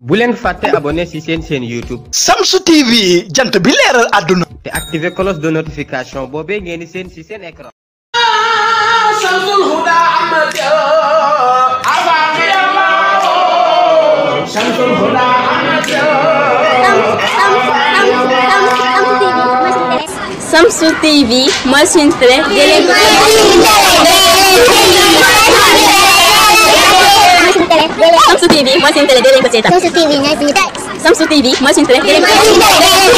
bu len faté abonné ci sen sen youtube samsu tv jant bi leral aduna té activer cloche de notification bobé ngéni sen ci sen écran samsul huda amadi avani ma samsu tv moy sen tré mooy suñu télé. Samsu TV mooy suñu télé dee leen ko seetaan. Samsu TV ñooy suñu télé. Samsu TV mooy suñu télé dee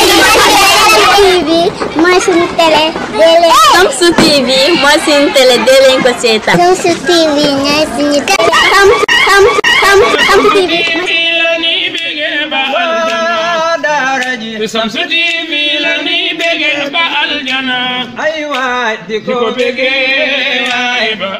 leen ko seetaan. mooy suñu télé dee leen ko seetaan. Samsu TV mooy suñu télé dee leen ko seetaan. Samsu TV ñooy suñu télé. Samsu Samsu Samsu Samsu TV. Samsu TV la ñuy bëgg ba aljana. ay waay di ko bëgg waay ba.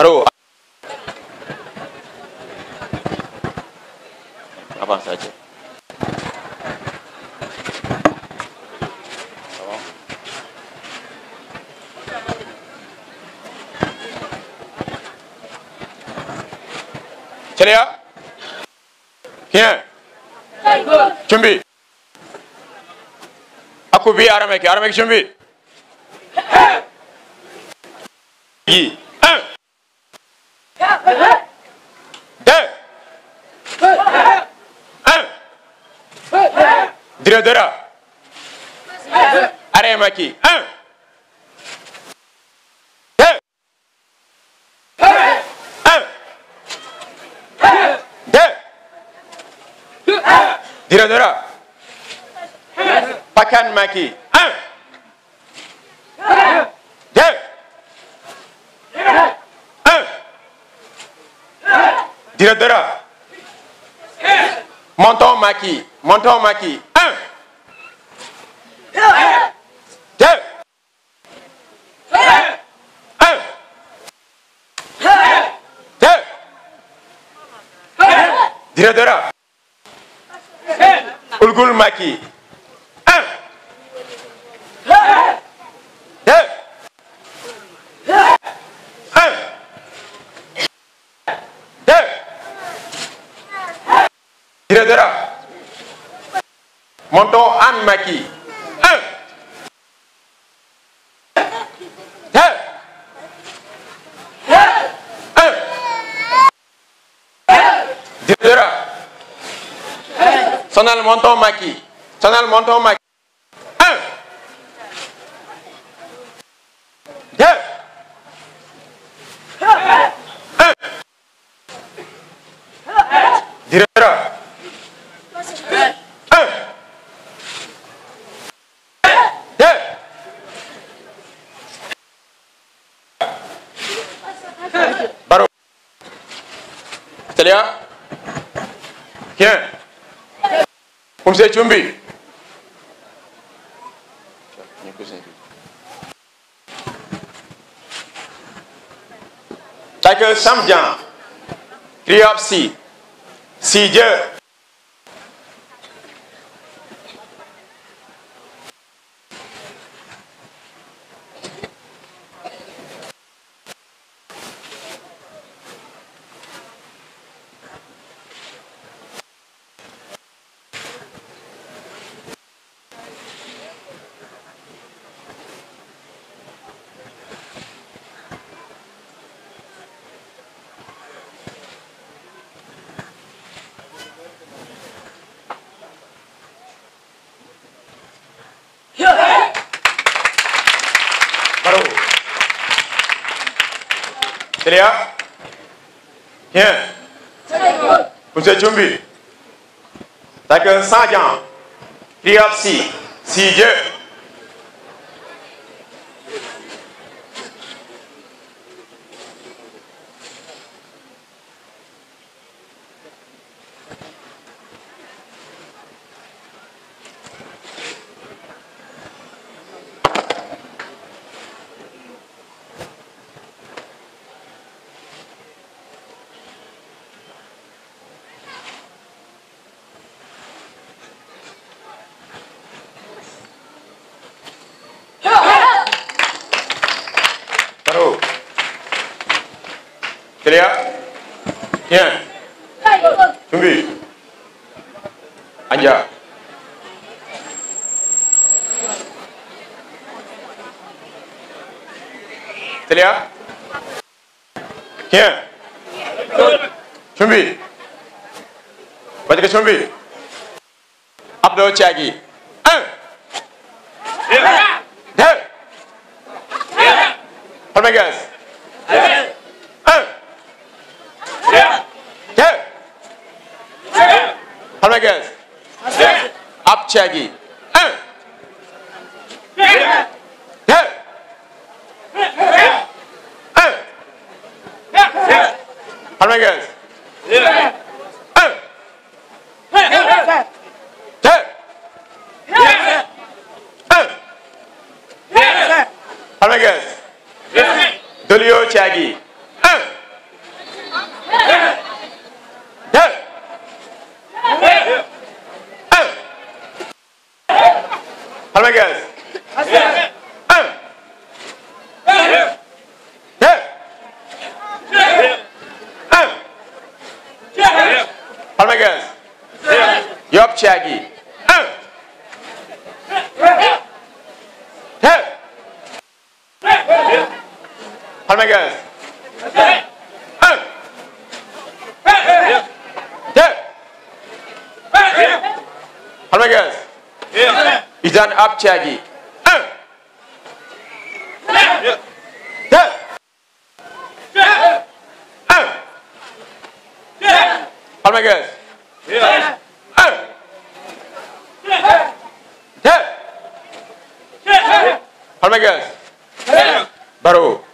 baru apa saja 차례야 예 준비 아쿠비 아람에게 아람에게 준비 이 Dira dara Arema ki un deux Pakan maki un deux un Dira Montons maquis. Montons dara. Ulgul Anne Macky un Mzee Chumbi, Tiger Samjan, Riapsi, Sijer. Elia? Tiens. Ya. Monsieur Chumbi. D'accord, sans Jean. Criapsi. Si ñee cumbi anja teliya ñee cumbi batike cumbi abdoo caagi un eh. deux Palmeiras eh. Tiagi. Un. Deux. Deux. Un. Almanguez. Deux. Un. charge. Eh. Eh. All my girls. Eh. All my guys. Baro.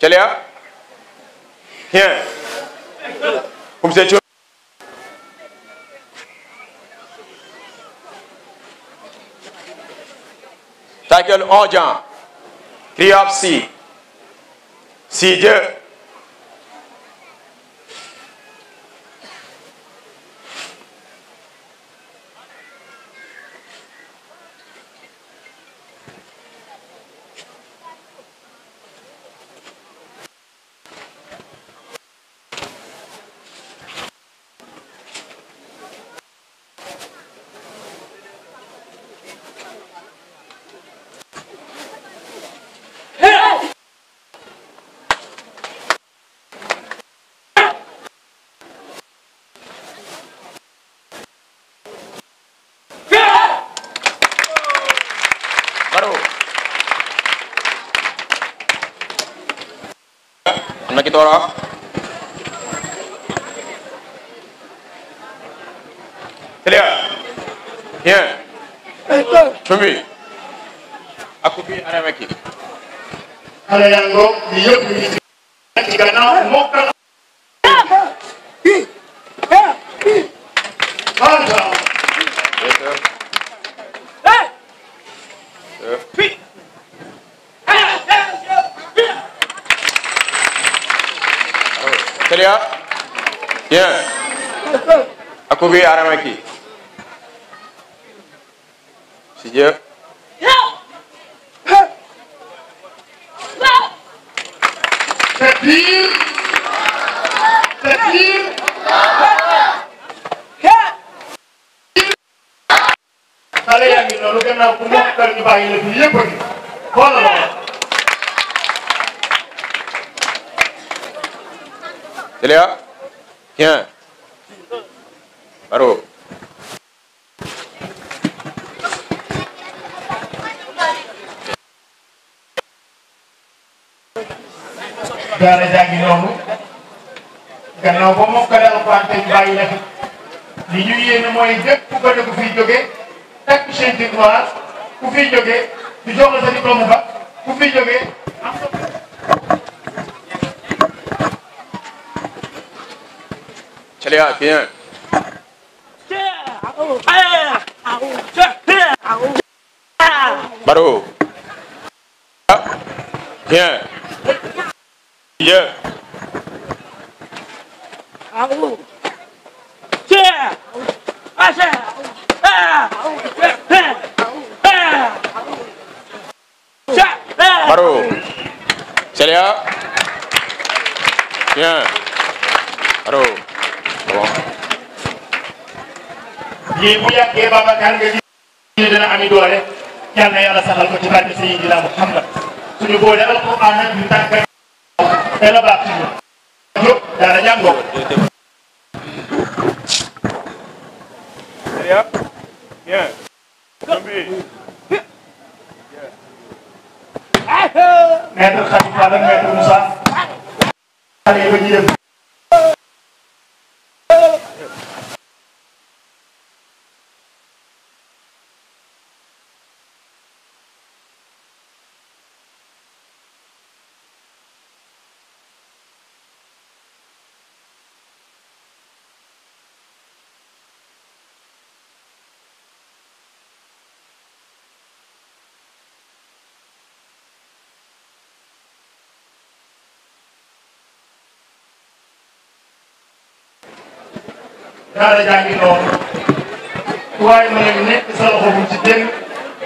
Chalia. Here. Come say gagal organ. Kriopsi. Si je Anda kita orang. Selia. Ya. Cumbi. Aku pergi arah mekik. Ada yang go, dia pun. arame ki si je Yeah. Baro. daara jaa ngi noonu gannaaw ba moom kadal alxuraan te ñu bàyyi la fi li ñu yéene mooy bépp ku bëri ku fiy jógee takk ceinture noire ku fiy jógee du jox la sa diplôme ba ku fiy jógee am sa. Chalea bien. baru. Ya. Ya. Ya. Aku. Ya. Asa. Baru. Saya lihat. Ya. Baru. Tolong. Ibu yang kebabakan ke sini dengan dua ya. yal na yàlla saxal ko ci barke Seydina Muhammad suñu boole alquran nag ñu tànk te la baax ci ñun yëpp daana jàngoo bien maître Khalifa ak maître Moussa xale yi ba ñu dem dara jangi non way ma ngeen nek sa loxo bu ci den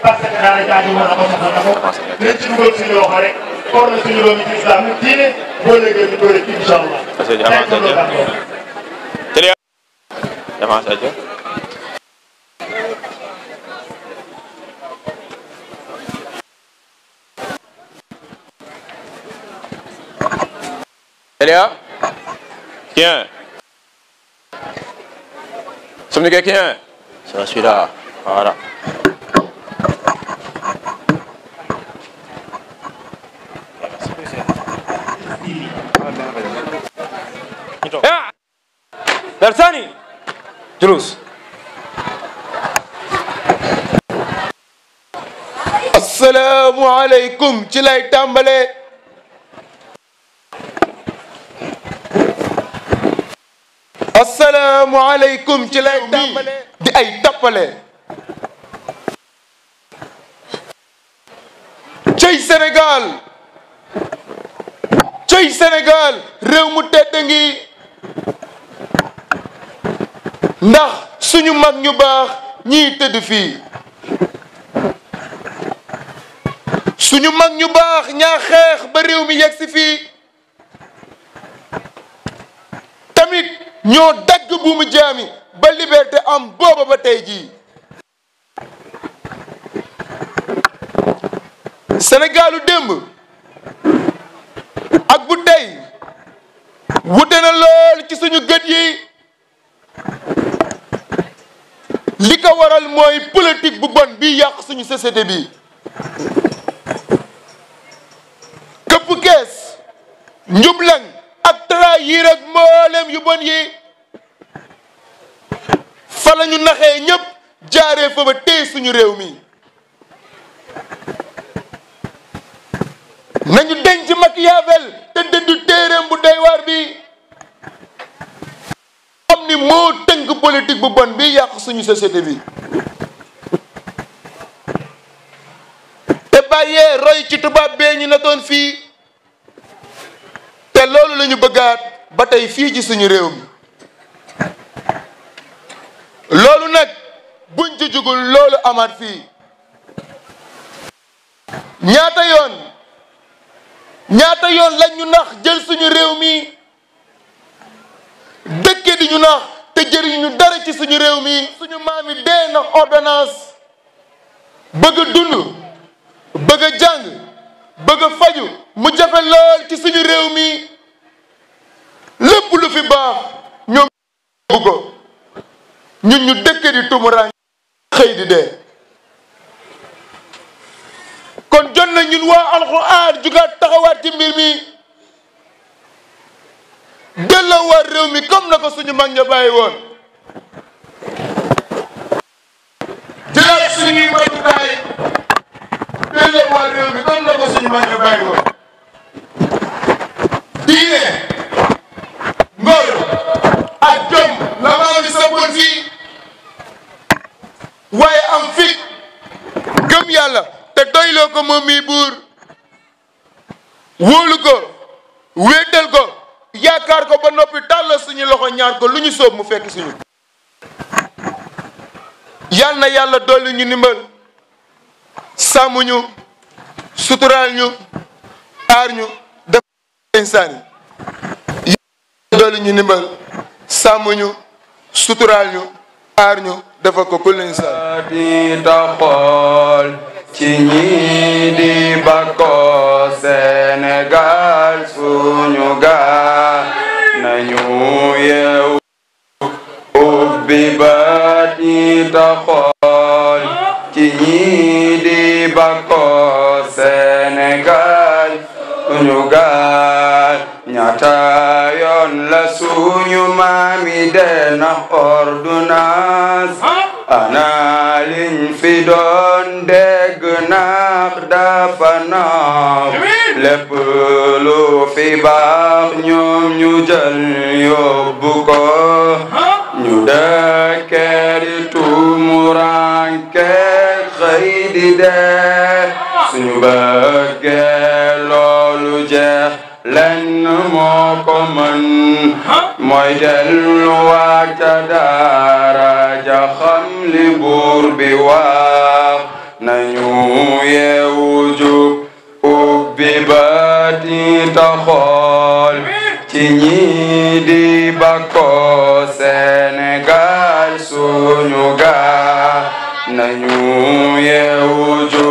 parce que dara jangi mo xam xam ko ne ci dugul ci loxo rek ko na ci loxo ci islam diine bo le gën ko rek inshallah jama saja Yeah. Souvenez quelqu'un C'est celui-là. Voilà. برساني جلوس السلام عليكم شلاي تامبلي asalaamualeykum ci lay tàmbalee di ay tappalee cëy Sénégal cëy Sénégal réew mu tedd ngi ndax suñu mag ñu baax ñii tëdd fii suñu mag ñu baax ñaa xeex ba réew mi yegg si fii ñoo dagg buumu jaami ba liberté am booba ba tey jii Sénégalu démb ak bu tey wute na lool ci suñu gët yi li ko waral mooy politique bu bon bi yàq suñu société bi këpp kees njublang ak trahir ak mboolem yu bon yi fa ñu naxee ñëpp jaaree fa tey suñu réew mi nañu denc Machiavel te dendu téeréem bu doy bi xam ni moo tënk politique bu bon bi yàq suñu société bi te bàyyee roy ci tubaab bee ñu natoon fii te loolu lañu bëggaat ba tey fii ci suñu réew mi loolu nag buñ ci loolu amaat fii ñaata yoon ñaata yoon lañ ñu nax jël suñu réew mi dëkke di ñu nax te jëriñu dara ci suñu réew mi suñu maam yi dee na ordonnance bëgg dund bëgg jàng bëgg faju mu jafe lool ci suñu réew mi lépp lu fi baax ñoom bu ñun ñu dëkk di tumuraan xëy di dee kon jot na ñun waa alxuraan jugaat taxawaat ci mbir mi delloowaat réew mi comme na ko suñu mag ña bàyyi woon réew mi comme na ko suñu mag ña bàyyi woon diine ko moom mii buur wóolu ko wéetal ko yaakaar ko ba noppi tàllal suñu loxo ñaan ko lu ñu sóob mu fekk suñu yal na yàlla dolli ñu ndimbal sàmmuñu suturaal ñu aar ñu def insaan sàmmuñu suturaal ñu aar ñu defal ko kulli taxool ci ñi di bakko Sénégal suñu gaal nañu yeewu ubbi ñi taxool ci ñi di bakko Sénégal suñu gaal ñaata yoon la suñu maami na ordonnance ana fi doon de naax dafa naax lépp lu fi baax ñoom ñu jël yóbbu ko ñu dëkkee di tumuranke xëy di dee suñu bëggee loolu jeex lenn moo ko mën mooy delluwaat ca daara ja xam li buur bi wax yeewuju ubbi baati taxool ci ñi di bakko Sénégal suñu ga nañu yeewuju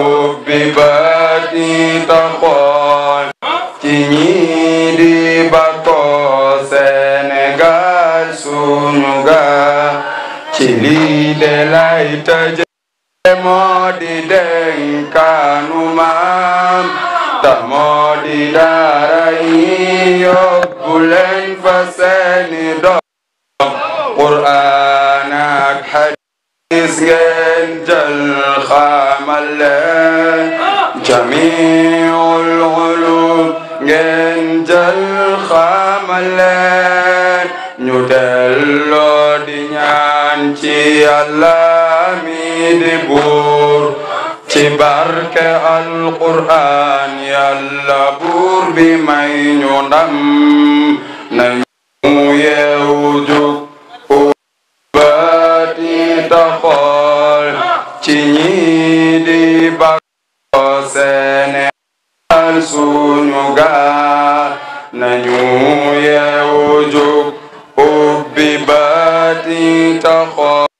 ubbi baati taxool ci ñi di bakko Sénégal suñu ci lii de lay tëj moo di dénkaanu maam ta moo di daara leen fa seeni doom quraan ak hadiis xamal leen jamiul ulum ngeen jël xamal leen ñu delloo di ñaan ci mi yi di buur ci barke alquran yàlla buur bi may ñu ndam na ñu yeewu jug ubat yi taxool ci ñi di bakkoo seene al suñu gaar na ñu yeewu jug ubbi bat yi taxool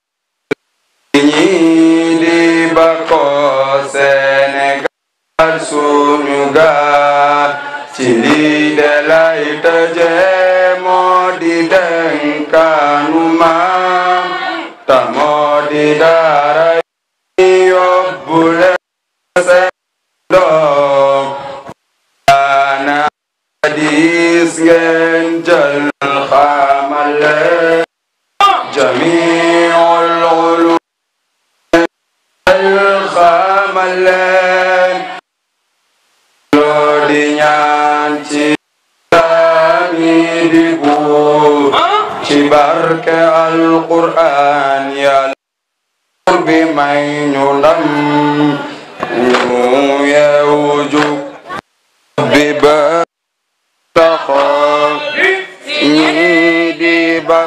jemo di dengkanuma tamo di darai obule sendok anadis gen. may ñu ndam ñu yeewu jug bi ba taxaw ñi di ba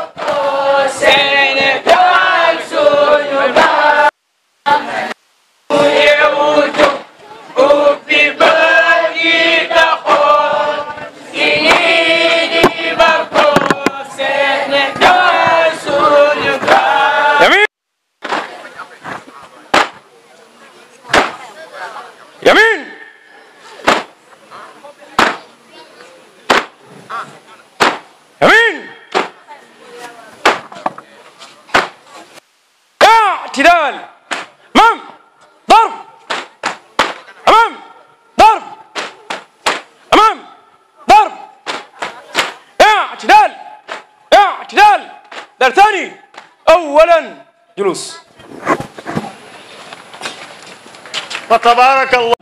تبارك الله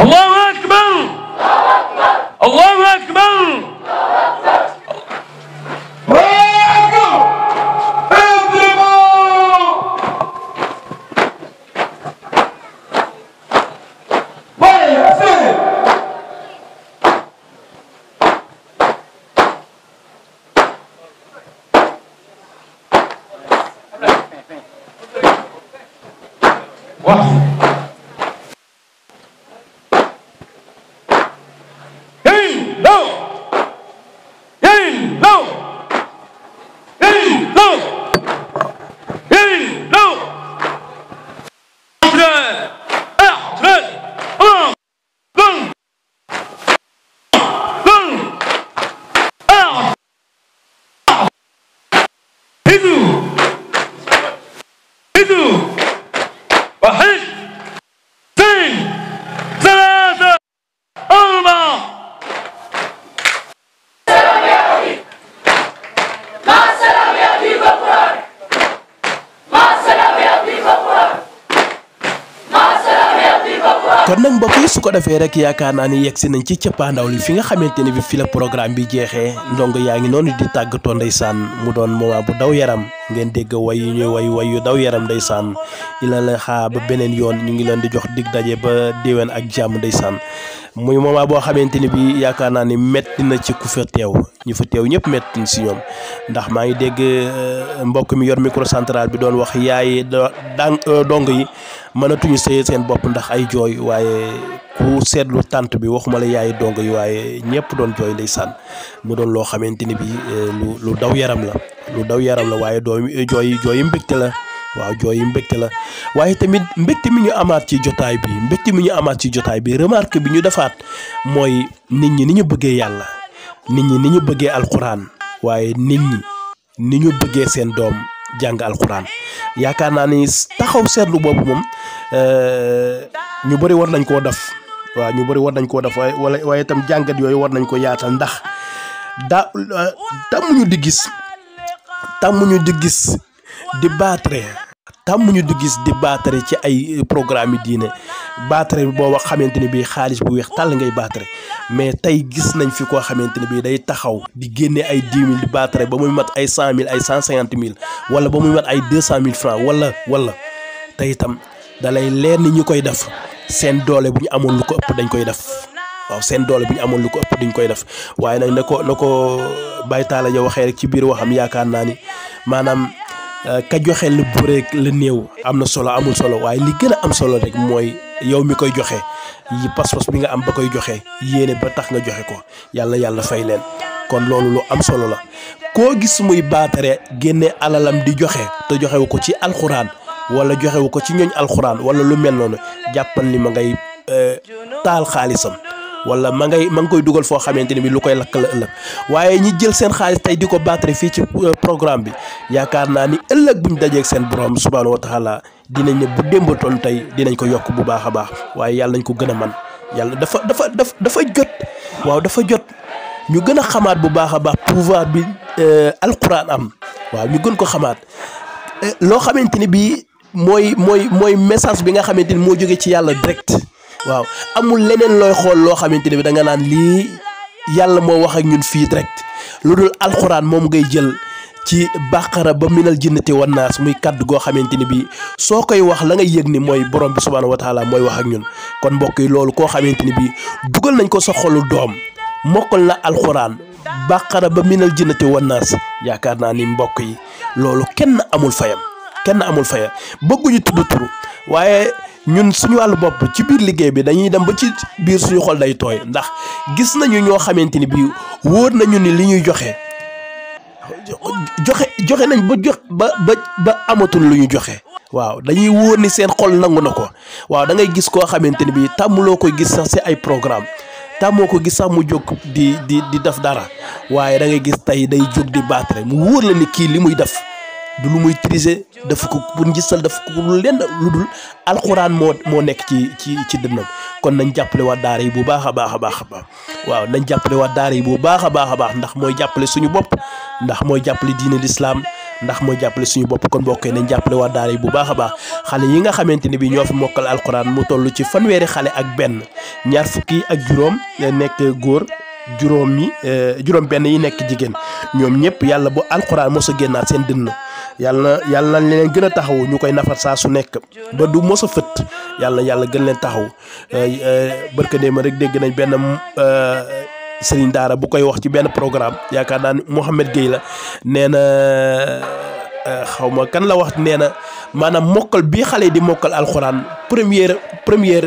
Hello? kon nag mbokk yi su ko defee rek yaakaar naa ni yegg si nañ ci cëppaandaw li fi nga xamante ne bi fi la programme bi jeexee ndongo yaa ngi noonu di tàggatoo saan mu doon moment bu daw yaram ngeen dégg way yi ñuy way way yu daw yaram ndeysaan ila la xaa ba beneen yoon ñu ngi leen di jox digg daje ba déwén ak jàmm ndeysaan muy moment boo xamante ni bi yaakaar naa ni metti na ci ku fa ñu fa teew ñëpp metti si ñoom ndax maa ngi dégg euh, mbokk mi yor micro bi doon wax yaay dang euh, dong yi mënatuñu sëye seen bopp ndax ay jooy waaye ku seetlu tànt bi waxuma la yaay dong yi waaye ñëpp doon jooy ndeysaan mu doon loo xamante ni bi euh, lu lu daw yaram la lu daw yaram la waaye doo jooy jooyi mbégte la waaw jooyi mbégte la waaye tamit mbégte mi ñu amaat ci jotaay bi mbégte mi ñu amaat ci jotaay bi remarque bi ñu defaat mooy nit ñi ni ñu bëggee yàlla nit ñi ni ñu bëggee alxuraan waaye nit ñi ni ñu bëggee seen doom jàng alxuraan yaakaar naa ni taxaw seetlu boobu moom eh, ñu bari war nañ koo def waaw ñu bëri war nañ koo def waaye wala waaye itam jàngat yooyu war nañ ko yaatal ndax daa damuñu eh, di gis tàmmuñu di gis di baatare tàmmuñu di gis di baatare ci ay eh, programme yi diine baatare bi booba xamante ne bii xaalis bu weex tàll ngay baatare mais tey gis nañ fi koo xamante ne bii day taxaw di génne ay dix di baatare ba muy mat ay cent mille ay cent cinquante mille wala ba muy mat ay deux cent mille francs wala wala tey itam dalay leer ni ñu koy def seen doole bu ñu amoon lu ko ëpp dañ koy def. waaw seen doole bu ñu amoon lu ko ëpp duñ koy def waaye nag na ko na ko baytaala yow waxee rek ci biir waxam yaakaar naa ni maanaam euh, ka joxe lu buree la néew am na solo amul solo waaye li gën a am solo rek mooy yow mi koy joxe yi pas-pas bi nga am ba koy joxe yéene ba tax nga joxe ko yàlla yàlla fay leen kon loolu lu am solo la koo gis muy baatare génne alalam di joxe te joxewu ko ci alxuraan wala joxewu ko ci ñooñ alxuraan wala lu mel noonu jàppal ni ma ngay euh, taal xaalisam wala ma ngay ma koy dugal foo xamante ni bi lu koy lakk la ëllëg waaye ñi jël seen xaalis tey di ko battre fii ci euh, programme bi yaakaar naa ni ëllëg buñ dajeeg seen borom subhaanahu wa taala dinañ ne bu démbatoon tey dinañ ko yokk bu baax a baax waaye yàlla nañ ko gën a man yàlla dafa dafa dafa dafa jot waaw dafa jot ñu gën a xamaat bu baax a baax pouvoir bi euh, alquran am waaw ñu gën ko xamaat euh, loo xamante ni bii mooy mooy mooy message bi nga xamante ni moo jóge ci yàlla direct waaw amul leneen looy xool loo xamante ne bi da nga naan lii yàlla moo wax ak ñun fii direct lu dul alxuraan moom ngay jël ci bàqara ba minal jinnati wan naas muy kàddu goo xamante ni bi soo koy wax la nga yëg ni mooy borom bi subhaanahu wa taala mooy wax ak ñun kon mbokk yi loolu koo xamante ni bi dugal nañ ko sa xolu doom mokkal na alxuraan bàqara ba minal jinnati wan naas yaakaar naa ni mbokk yi loolu kenn amul fayam kenn amul fayam bëgguñu tudd turu waaye ñun suñu wàllu bopp ci biir liggéey bi dañuy dem ba ci biir suñu xol day tooy ndax gis nañu ñoo xamante ni bii wóor nañu ni li ñuy joxe joxe joxe nañ ba jox ba ba ba amatul lu ñu joxe. waaw dañuy wóor ni seen xol nangu na ko waaw dangay gis koo xamante ni bii tàmmuloo koy gis sax si ay programme tàmmoo ko gis sax mu jóg di di di def dara waaye dangay gis tey day jóg di baat mu wóor la ni kii li muy def. du lu muy triser dafa ko pour ngistal dafa ko lenn lu dul alxuraan moo moo nekk ci ci ci dënnam kon nañ jàppale waa daara yi bu baax a baax a baax a baax waaw nañ jàppale waa daara yi bu baax a baax a baax ndax mooy jàppale suñu bopp ndax mooy jàppale diine lislaam ndax mooy jàppale suñu bopp kon bokkee nañ jàppale waa daara yi bu baax a baax xale yi nga xamante ni bi ñoo fi mokkal alxuraan mu tollu ci fanweeri xale ak benn ñaar fukki ak juróom eh, nekk góor juróom yi eh, juróom benn yi nekk jigéen ñoom ñëpp yàlla bu alxuraan mos a génnaat seen dënn yàlla na yàlla leen gën a taxaw ñu koy nafar saa su nekk ba du mos a fët yàlla yàlla gën leen taxaw euh, euh, barka démb rek dégg nañ benn euh, sëriñ daara bu koy wax ci benn programme yaakaar naa ne Mouhamed Gueye la nee na xaw ma kan la wax nee na maanaam mokkal bii xale di mokkal alxuraan première première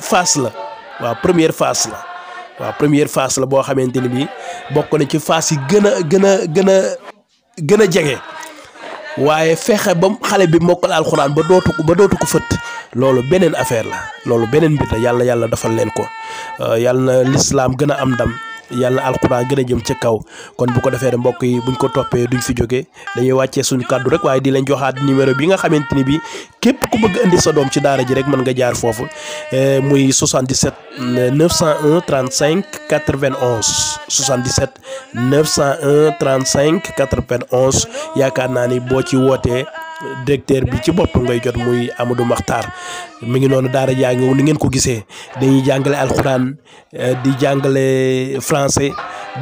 phase la waaw première phase la waaw première phase la boo xamante ni bii bokk na ci phase yi gën a gën a gën a gën a jege. waye fexe bam xale bi mokkal alcorane ba dootu ko ba dootu ko fëtt loolu beneen affaire la lolu benen mbir la yàlla yàlla dafal len ko yàlla na lislaam gën am dam yàlla alxuraan gën a jëm ca kaw kon bu ko defee mbokk yi buñ ko toppee duñ fi jóge dañuy wàccee suñu kàddu rek waaye di leen joxaat numéro bi nga xamante ni bi képp ku bëgg indi sa doom ci daara ji rek mën nga jaar foofu eh, muy 77 901 35 91 77 901 35 91 yaakaar naa ni boo ci wootee directeur bi ci bopp ngay jot muy Amadou Makhtar mi ngi noonu daara jaa ngi ngeen ko gisee dañuy jàngale alxuraan eh, di jàngale français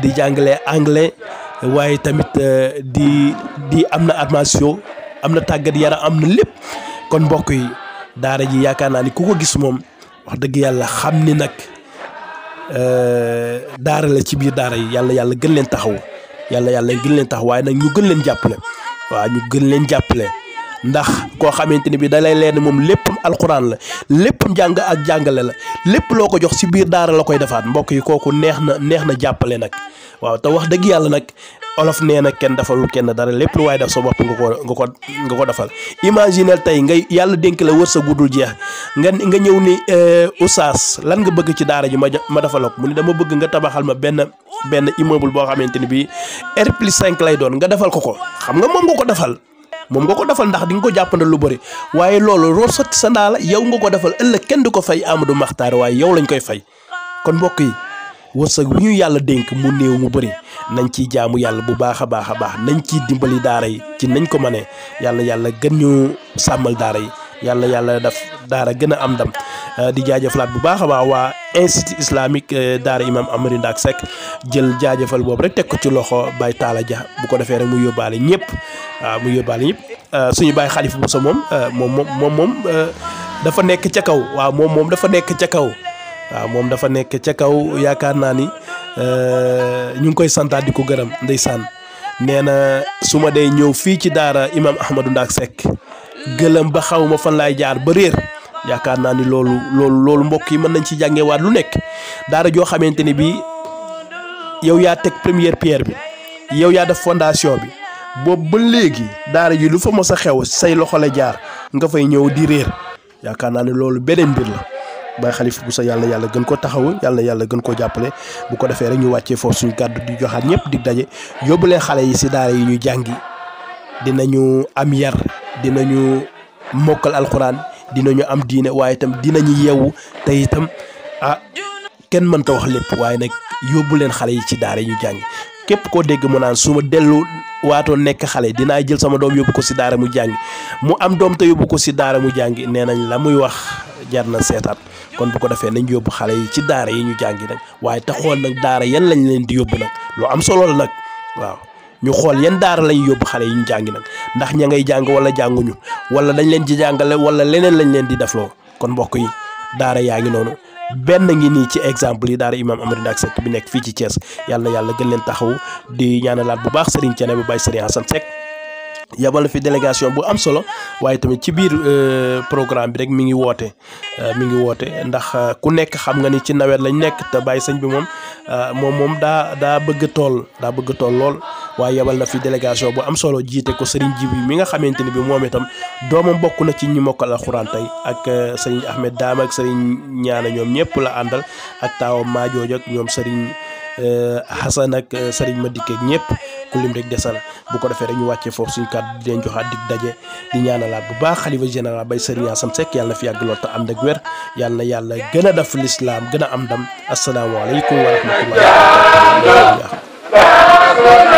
di jàngale anglais waaye tamit eh, di di am na armation am na tàggat yaram am na lépp kon mbokk yi daara ji yaakaar naa ni ku ko gis moom wax dëgg yàlla xam ni nag eh, daara la ci biir daara yi yàlla yàlla gën leen taxaw yàlla yàlla gën leen taxaw waaye nag ñu gën leen jàppale waaw ñu gën leen jàppale ndax koo xamante ni bi da lay leen moom léppam alxuraan la lépp jàng ak jàngale la lépp loo ko jox si biir daara la koy defaat mbokk yi kooku neex na neex na jàppale nag waaw te wax dëgg yàlla nag olof nee na kenn defalul kenn dara lépp lu waaye def sa bopp nga ko nga ko nga ko defal imaginel tey ngay yàlla dénk la wër sa guddul jeex nga nga ñëw ni eh, oustaz lan nga bëgg ci daara ji ma ma defal ko mu ne dama bëgg nga tabaxal ma benn benn immeuble boo xamante ni bii R plus lay doon nga defal ko ko xam nga moom ko defal moom nga ko defal ndax dinga nga ko jàppandal lu bari waaye loolu root sotti sa ndaa la yow nga ko defal ëllëg kenn du ko fay Amadou Maxtaar waaye yow lañ koy fay kon mbokk yi wërsëg wi ñu yàlla dénk mu néew mu bëri nañ ci jaamu yàlla bu baax a baax a baax nañ ciy dimbali daara yi ci nañ ko mënee yàlla yàlla gën ñu sàmmal daara yi yàlla yàlla daf daara gën a am ndam di jaajëfalaat bu baax a baax waa institut islamique eh, daara imam Amary Ndack Seck jël jaajëfal boobu rek teg ko ci loxo Baye Talla Dia bu ko defee rek mu yóbbaale ñëpp waaw ah, mu yóbbaale ñëpp ah, suñu baay xalifa Bousso moom ah, moom moom moom dafa nekk ca kaw waa moom moom dafa nekk ca kaw waaw moom dafa nekk ca kaw yaakaar naa ni ñu ngi koy santaat di ko gërëm ndeysaan nee na su ma dee ñëw fii ci daara imam Ahmadou Ndack Seck gëlëm ba xawuma fan laay jaar ba réer. yaakaar naa ni loolu loolu loolu mbokk yi mën nañ ci jàngeewaat lu nekk dara joo xamante ni bii yow yaa teg première pierre bi yow yaa def fondation bi boobu ba léegi daara ji lu fa mos a xew say loxo la jaar nga fay ñëw di réer yaakaar naa ni loolu beneen mbir la bay xalifa bu sa yàlla yàlla gën ko taxawu yàlla yàlla gën ko jàppale bu ko defee rek ñu wàccee foofu suñu gàddu di joxaat ñëpp di daje yóbbulee xale yi si daara yi ñu jàngi dinañu am yar dinañu mokkal alquran dinañu am diine waaye itam dinañu yeewu te itam ah kenn mënta wax lépp waaye nag yóbbu leen xale yi ci daara ñu jàng képp koo dégg mu naan su ma dellu waatoo nekk xale yi dinaa jël sama doom yóbbu ko si daara mu jàng mu am doom te yóbbu ko si daara mu jàng nee nañ la muy wax jar na seetaat kon bu ko defee nañ yóbbu xale yi ci daara yi ñu jàngi nag waaye te xool nag daara yan lañ leen di yóbbu nag lu am solo nag waaw. ñu xool yan daara lay yóbbu xale yi ñu jàngi nag ndax ña ngay jàng wala jànguñu wala dañu leen di jàngale wala leneen lañ leen di defoo kon mbokk yi daara yaa ngi noonu benn ngi nii ci exemple yi daara imaam Amary Ndack Seck bi nekk fii ci cees yàlla yàlla gën leen taxaw di ñaanalaat bu baax Serigne bu Baye Serigne Assane Seck yabal fi délégation bu am solo waaye tamit ci biir euh, programme bi rek mi ngi woote euh, mi ngi woote ndax euh, ku nekk xam nga ni ci nawet lañ nekk te bàyyi sëñ bi moom moom moom daa daa bëgg tool daa bëgg tool lool waaye yabal na fi délégation bu am solo jiite ko sëriñ Jibi mi nga xamante ni bi moom itam doomam bokk na ci ñi mokkal alxuraan tey ak sëriñ Ahmed Daam ak sëriñ ñaana ñoom ñëpp la àndal ak taawam maajooj ak ñoom sëriñ Xasan euh, ak euh, Serigne Madick ak ñëpp ku lim rek desal bu ko defee rek ñu wàccee foofu suñu kàddu di leen joxaat dig daje di ñaanalaat bu baax xalifa général bay Serigne Assane Seck yàlla fi yàgg lool am ànd ak wér yàlla na yàlla gën a def lislaam gën a am ndam asalaamaaleykum wa rahmatulah.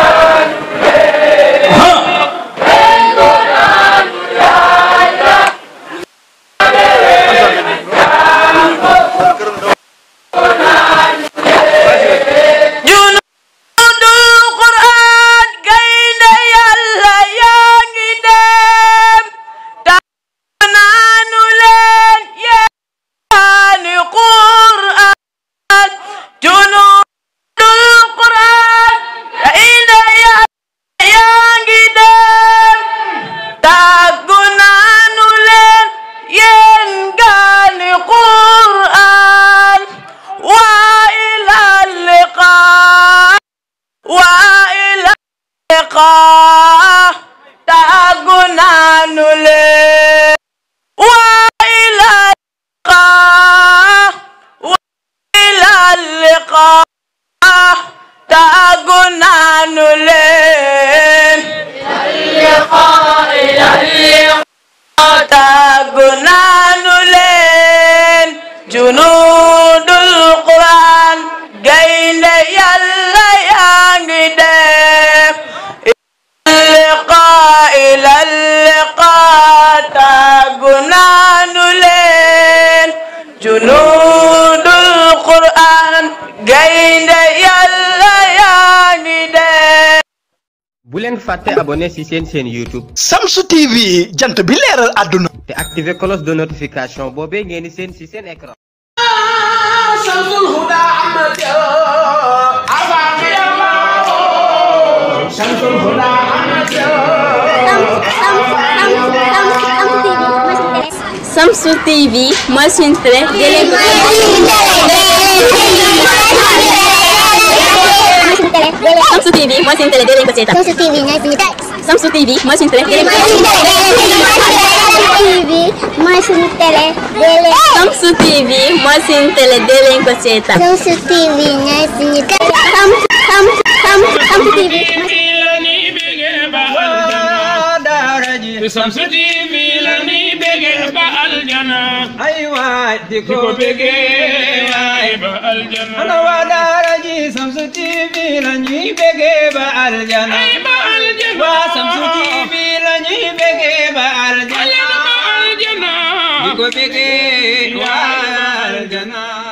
fàtte abonné si seen seen youtube. samsu tv jant bi leeral àdduna. te activer cloche de notification boobee ngeen di seen si seen écran. samsu tv mooy suñ tere. samsu tv mooy suñ tere. Samsu TV mooy seen télé dee leen ko seetaan. Samsu TV ñooy suñu télé. Samsu TV mooy suñu télé dee leen ko seetaan. mooy suñu télé dee leen. Samsu TV mooy suñu télé dee leen ko seetaan. Samsu TV ñooy suñu télé. Samsu Samsu Samsu Samsu TV. Samsu TV la ñuy bëgg aljana ay waay di ko bëgge waay ba aljana ana waa daara ji Shamsu TV la ñuy bëgge ba aljana ay ba aljana waa Shamsu TV la ñuy bëgge ba aljana di ko bëgge waay aljana